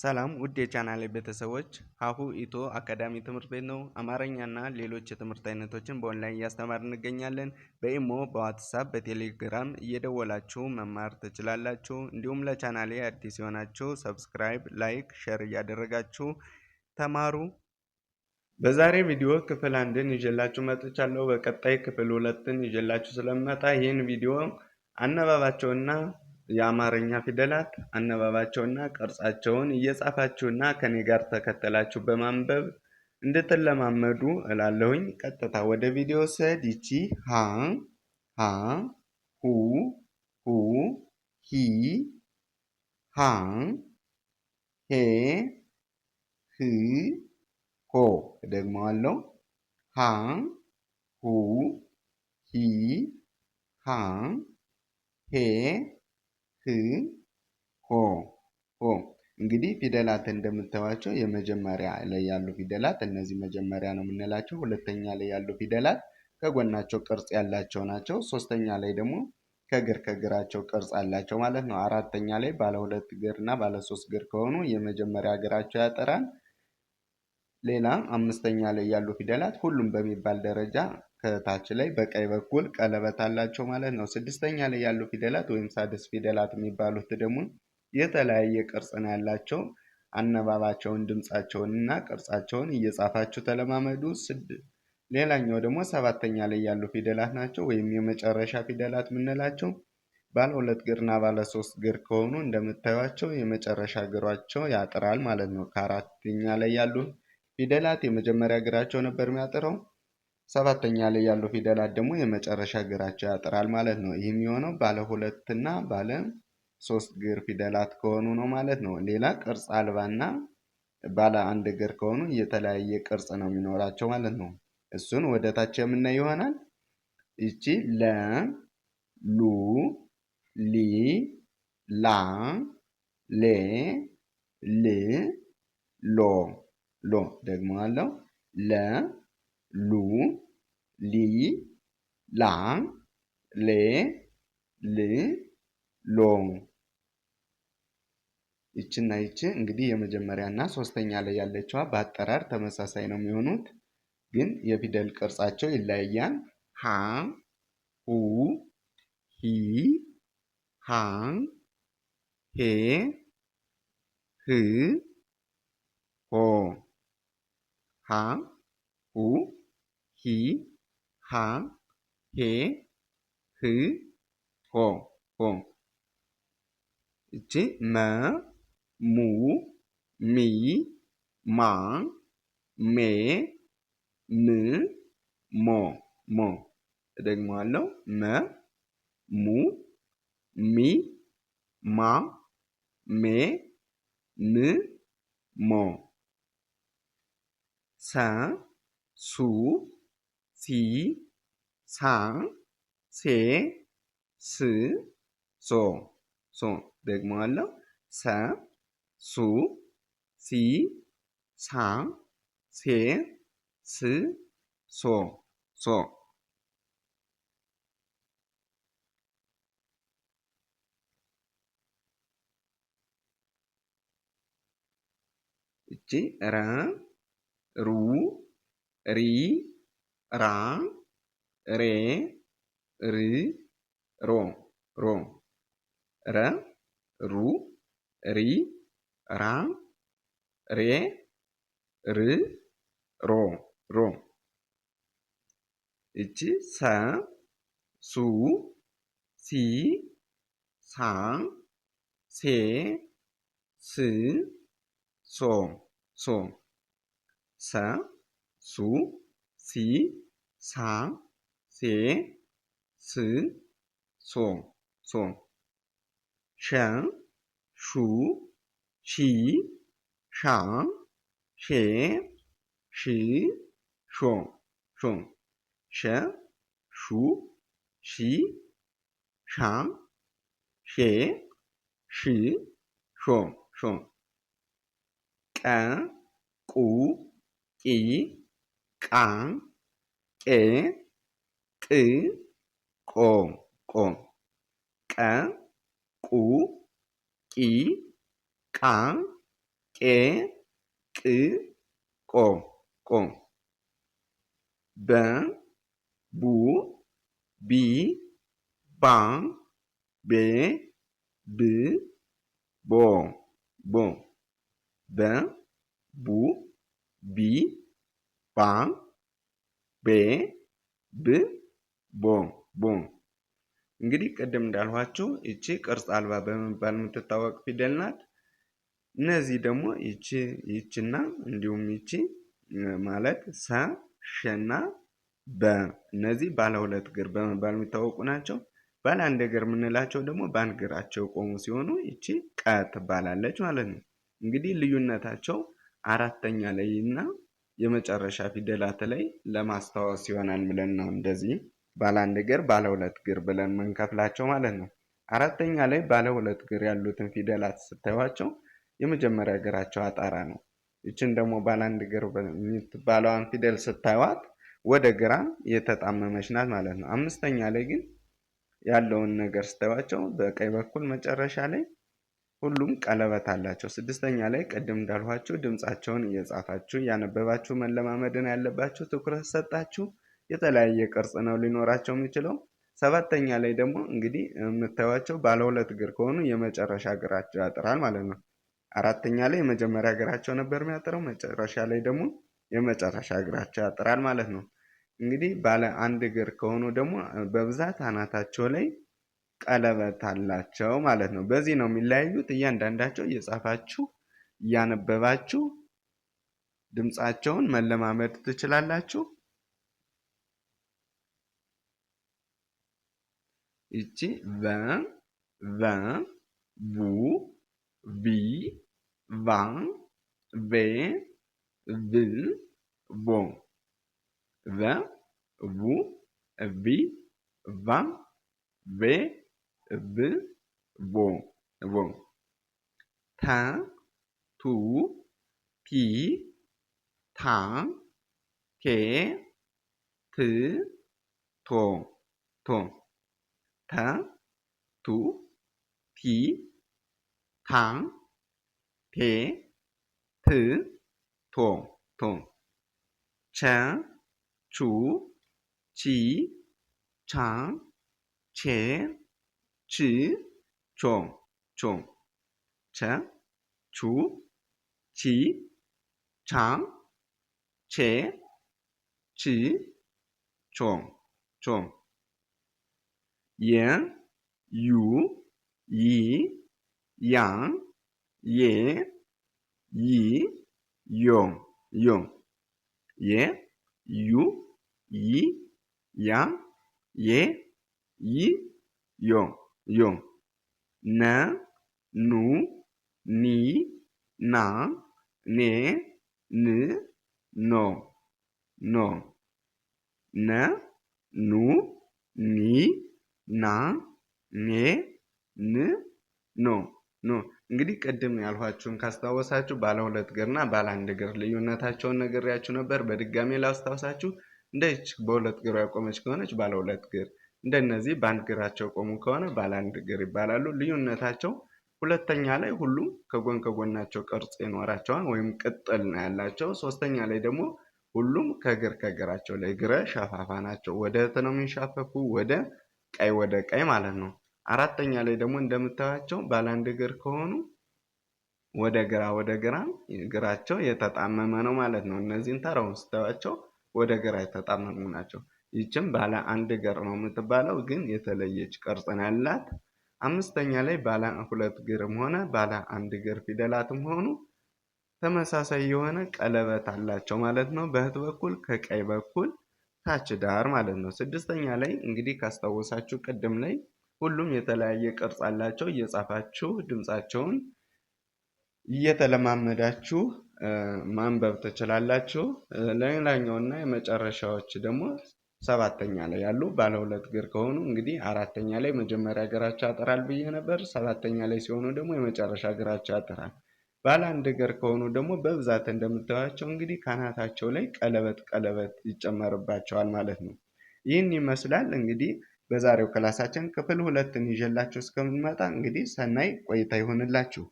ሰላም ውድ የቻናሌ ቤተሰቦች፣ ሀሁ ኢትዮ አካዳሚ ትምህርት ቤት ነው። አማርኛና ሌሎች የትምህርት አይነቶችን በኦንላይን እያስተማር እንገኛለን። በኢሞ፣ በዋትሳፕ፣ በቴሌግራም እየደወላችሁ መማር ትችላላችሁ። እንዲሁም ለቻናሌ አዲስ የሆናችሁ ሰብስክራይብ፣ ላይክ፣ ሼር እያደረጋችሁ ተማሩ። በዛሬ ቪዲዮ ክፍል አንድን ይዤላችሁ መጥቻለሁ። በቀጣይ ክፍል ሁለትን ይዤላችሁ ስለመጣ ይህን ቪዲዮ አነባባቸውና የአማርኛ ፊደላት አነባባቸውና ቅርጻቸውን እየጻፋችሁና ከኔ ጋር ተከተላችሁ በማንበብ እንድትለማመዱ እላለሁኝ። ቀጥታ ወደ ቪዲዮ ሰድ ይቺ ሀ ሀ ሁ ሁ ሂ ሀ ሄ ህ ሆ ደግመዋለው ሃ ሁ ሂ ሀ ሄ ህ ሆ ሆ እንግዲህ ፊደላት እንደምታዩቸው የመጀመሪያ ላይ ያሉ ፊደላት እነዚህ መጀመሪያ ነው የምንላቸው። ሁለተኛ ላይ ያሉ ፊደላት ከጎናቸው ቅርጽ ያላቸው ናቸው። ሶስተኛ ላይ ደግሞ ከግር ከግራቸው ቅርጽ አላቸው ማለት ነው። አራተኛ ላይ ባለ ሁለት ግር እና ባለ ሶስት እግር ከሆኑ የመጀመሪያ እግራቸው ያጠራል። ሌላ አምስተኛ ላይ ያሉ ፊደላት ሁሉም በሚባል ደረጃ ከታች ላይ በቀኝ በኩል ቀለበት አላቸው ማለት ነው። ስድስተኛ ላይ ያሉ ፊደላት ወይም ሳድስ ፊደላት የሚባሉት ደግሞ የተለያየ ቅርጽ ነው ያላቸው። አነባባቸውን፣ ድምፃቸውን እና ቅርጻቸውን እየጻፋችሁ ተለማመዱ። ሌላኛው ደግሞ ሰባተኛ ላይ ያሉ ፊደላት ናቸው ወይም የመጨረሻ ፊደላት የምንላቸው ባለ ሁለት እግር እና ባለ ሶስት እግር ከሆኑ እንደምታዩቸው የመጨረሻ ግሯቸው ያጥራል ማለት ነው። ከአራተኛ ላይ ያሉ ፊደላት የመጀመሪያ እግራቸው ነበር የሚያጥረው። ሰባተኛ ላይ ያለው ፊደላት ደግሞ የመጨረሻ እግራቸው ያጥራል ማለት ነው። ይህም የሆነው ባለ ሁለት እና ባለ ሶስት እግር ፊደላት ከሆኑ ነው ማለት ነው። ሌላ ቅርጽ አልባና ባለ አንድ እግር ከሆኑ የተለያየ ቅርጽ ነው የሚኖራቸው ማለት ነው። እሱን ወደ ታች የምናይ ይሆናል። ይቺ ለ፣ ሉ፣ ሊ፣ ላ፣ ሌ፣ ል፣ ሎ ሎ ደግሞ አለው ለ ሉ ሊ ላ ሌ ል ሎ ይችና ይች እንግዲህ የመጀመሪያ እና ሶስተኛ ላይ ያለችዋ በአጠራር ተመሳሳይ ነው የሚሆኑት፣ ግን የፊደል ቅርጻቸው ይለያያል። ሀ ሁ ሂ ሃ ሄ ህ ሆ ሀ ሁ ሂ ሃ ሄ ህ ሆ ሆ እቺ መ ሙ ሚ ማ ሜ ም ሞ ሞ እደግመዋለሁ መ ሙ ሚ ማ ሜ ም ሞ ሰ ሱ ሲ ሳ ሴ ስ ሶ ሶ ደግሞ አለው ሰ ሱ ሲ ሳ ሴ ስ ሶ ሶ እቺ ረ ሩ ሪ ራ ሬ ር ሮ ሮ ረ ሩ ሪ ራ ሬ ር ሮ ሮ እቺ ሰ ሱ ሲ ሳ ሴ ስ ሶ ሶ ሰ ሱ ሲ 三、四、四、双、双；三、熟、七、三、四、四、双、双；三、熟、七、三、四、四、双、双；一、五、一、一。ቅ ቅ ቆ ቆ ቀ ቁ ቂ ቃ ቄ ቅ ቆ ቆ በ ቡ ቢ ባ ቤ ብ ቦ ቦ በ ቡ ቢ ባ ቤ ብ ቦ ቦ። እንግዲህ ቅድም እንዳልኋችሁ ይቺ ቅርጽ አልባ በመባል የምትታወቅ ፊደል ናት። እነዚህ ደግሞ ይቺ ይቺና እንዲሁም ይቺ ማለት ሰ ሸና በ እነዚህ ባለ ሁለት እግር በመባል የሚታወቁ ናቸው። ባለ አንድ እግር የምንላቸው ደግሞ በአንድ እግራቸው የቆሙ ሲሆኑ ይቺ ቀ ትባላለች ማለት ነው። እንግዲህ ልዩነታቸው አራተኛ ላይ እና የመጨረሻ ፊደላት ላይ ለማስታወስ ይሆናል ብለን ነው እንደዚህ ባለ አንድ እግር፣ ባለ ሁለት እግር ብለን የምንከፍላቸው ማለት ነው። አራተኛ ላይ ባለ ሁለት እግር ያሉትን ፊደላት ስታዩቸው የመጀመሪያ እግራቸው አጣራ ነው። ይችን ደግሞ ባለ አንድ እግር የምትባለዋን ፊደል ስታዩት ወደ ግራ የተጣመመች ናት ማለት ነው። አምስተኛ ላይ ግን ያለውን ነገር ስታዩቸው በቀኝ በኩል መጨረሻ ላይ ሁሉም ቀለበት አላቸው። ስድስተኛ ላይ ቅድም እንዳልኋችሁ ድምፃቸውን እየጻፋችሁ እያነበባችሁ መለማመድን ያለባችሁ። ትኩረት ሰጣችሁ የተለያየ ቅርጽ ነው ሊኖራቸው የሚችለው። ሰባተኛ ላይ ደግሞ እንግዲህ የምታዩቸው ባለ ሁለት እግር ከሆኑ የመጨረሻ እግራቸው ያጥራል ማለት ነው። አራተኛ ላይ የመጀመሪያ እግራቸው ነበር የሚያጥረው፣ መጨረሻ ላይ ደግሞ የመጨረሻ እግራቸው ያጥራል ማለት ነው። እንግዲህ ባለ አንድ እግር ከሆኑ ደግሞ በብዛት አናታቸው ላይ ቀለበት አላቸው ማለት ነው። በዚህ ነው የሚለያዩት። እያንዳንዳቸው እየጻፋችሁ እያነበባችሁ ድምፃቸውን መለማመድ ትችላላችሁ። ይቺ ቨ ቨ ቡ ቪ ቫ ቬ ቭ ቮ ቨ ቡ ቪ ቫ ቬ ብ ቦ ቦ ተ ቱ ቲ ታ ቴ ት ቶ ቶ ተ ቱ ቲ ታ ቴ ት ቶ ቶ ቸ ቹ ቺ ቻ ቼ ቺ ቾ ቾ ቸ ቹ ቺ ቻ ቼ ቺ ቾ ቾ የ ዩ ይ ያ የ ይ ዮ ዮ የ ዩ ይ ያ የ ይ ዮ ዮ ነ ኑ ኒ ና ኔ ን ኖ ኖ ነ ኑ ኒ ና ኔ ን ኖ ኖ እንግዲህ ቅድም ያልኋችሁን ካስታወሳችሁ ባለ ሁለት እግርና ባለ አንድ እግር ልዩነታቸውን ነግሬያችሁ ነበር። በድጋሜ ላስታውሳችሁ። እንደች በሁለት እግሯ ያቆመች ከሆነች ባለ ሁለት እግር እንደነዚህ በአንድ እግራቸው ቆሙ ከሆነ ባለ አንድ እግር ይባላሉ። ልዩነታቸው ሁለተኛ ላይ ሁሉም ከጎን ከጎናቸው ቅርጽ ይኖራቸዋል ወይም ቅጥል ነው ያላቸው። ሶስተኛ ላይ ደግሞ ሁሉም ከእግር ከእግራቸው ላይ እግረ ሸፋፋ ናቸው። ወደ እህት ነው የሚንሻፈፉ ወደ ቀይ ወደ ቀይ ማለት ነው። አራተኛ ላይ ደግሞ እንደምታያቸው ባለ አንድ እግር ከሆኑ ወደ ግራ ወደ ግራ እግራቸው የተጣመመ ነው ማለት ነው። እነዚህን ተራውን ስታያቸው ወደ ግራ የተጣመሙ ናቸው። ይችም ባለ አንድ እግር ነው የምትባለው፣ ግን የተለየች ቅርጽ ነው ያላት። አምስተኛ ላይ ባለ ሁለት እግርም ሆነ ባለ አንድ እግር ፊደላትም ሆኑ ተመሳሳይ የሆነ ቀለበት አላቸው ማለት ነው። በህት በኩል ከቀኝ በኩል ታች ዳር ማለት ነው። ስድስተኛ ላይ እንግዲህ ካስታወሳችሁ ቅድም ላይ ሁሉም የተለያየ ቅርጽ አላቸው። እየጻፋችሁ ድምፃቸውን እየተለማመዳችሁ ማንበብ ትችላላችሁ። ለሌላኛውና የመጨረሻዎች ደግሞ ሰባተኛ ላይ ያሉ ባለ ሁለት እግር ከሆኑ እንግዲህ አራተኛ ላይ መጀመሪያ እግራቸው ያጠራል ብዬ ነበር። ሰባተኛ ላይ ሲሆኑ ደግሞ የመጨረሻ እግራቸው ያጠራል። ባለ አንድ እግር ከሆኑ ደግሞ በብዛት እንደምታዩቸው እንግዲህ ካናታቸው ላይ ቀለበት ቀለበት ይጨመርባቸዋል ማለት ነው። ይህን ይመስላል እንግዲህ በዛሬው ክላሳችን ክፍል ሁለትን ይዤላችሁ እስከምንመጣ እንግዲህ ሰናይ ቆይታ ይሆንላችሁ።